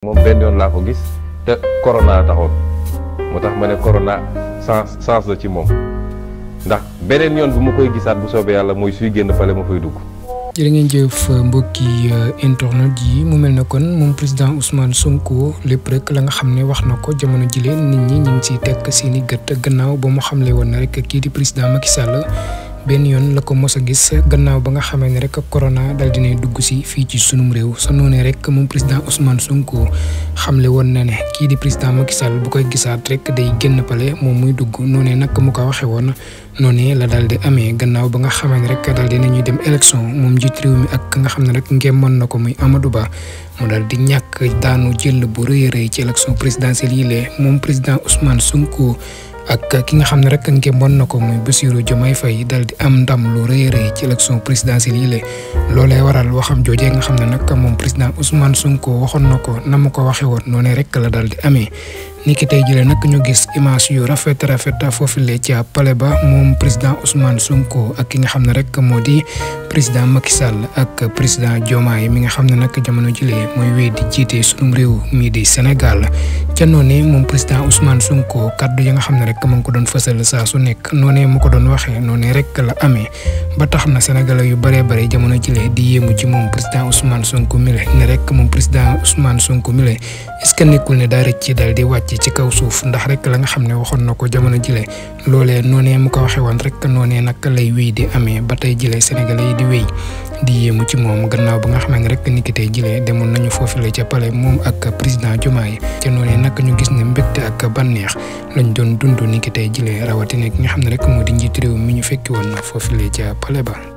moom benn yoon laa ko gis te corona taxoon moo tax ma ne corona sens sens la ci moom ndax beneen yoon bu ma koy gisaat bu soobee yàlla mooy suy génn fale ma fay dugg. jërë ngeen jëf mbokki euh, internet yi mu mel na kon moom président Ousmane Sonko lépp rek la nga xam ne wax na ko jamono jile nit ñi ñu ngi ciy tekk seeni gët gannaaw ba mu xamle woon na rek kii di président Macky Sall. ben yoon la ko mos gis gannaaw ba nga xamee ne rek corona dal dinay dugg si fii ci sunum réew sa noonee rek moom président Ousmane Sonko xamle woon na ne kii di président Macky Sall bu koy gisaat rek day génn pale moom muy dugg noonee nag mu ko waxee woon noonee la dal di amee gannaaw ba nga xamee ne rek dem élection moom njiit réew mi ak nga xam ne rek ngeemoon na ko muy Amadou Ba mu dal di ñàkk daanu jël bu rëy a rëy ci élection présidentielle yi moom président Ousmane Sonko. ak ki nga xam ne rek ngémboon na ko muy Bassirou Diomaye Faye dal di am ndam lu rëy rëy ci élection présidentielle yi lée loolee waral waxam joojee nga xam ne nag moom président Ousmane Sonko waxoon na ko na mu ko waxe woon noonee rekk la dal di amee niki tay jëlee nak ñu gis image yu rafet rafet foofile ca pale ba mom président Ousmane Sonko ak ki nga xamne rek modi di président Macky Sall ak président Diomaye mi nga xamne nak jamono jëlee moy di jiite sunum réew mi di Sénégal ca noné mom président Ousmane Sonko kaddu yi nga xamne rek mu ngi ko doon fësal sa su nek noné mu ko doon waxé noné rek la amé ba tax na Sénégal yu bëree bëri jamono jëlee di yému ci mom président Ousmane Sonko mi le né rek mom président Ousmane Sonko mi le est ce que nekul né wàcc ci kaw suuf ndax rek la nga xam ne waxoon na ko jamono jile loolee noonee mu ko waxee woon rek noonee nag lay wéy di amee ba tey jile sénégalais yi di wéy di yéemu ci moom gannaaw ba nga xam ne rek ni ki demoon nañu foofu la ca pale moom ak président Diomaye ca noonee nag ñu gis ne mbégte ak bànneex lañ doon dund ni ki tey jile rawatina ki nga xam ne rek moo di njiit réew mi ñu fekki woon foofu la ca pale ba.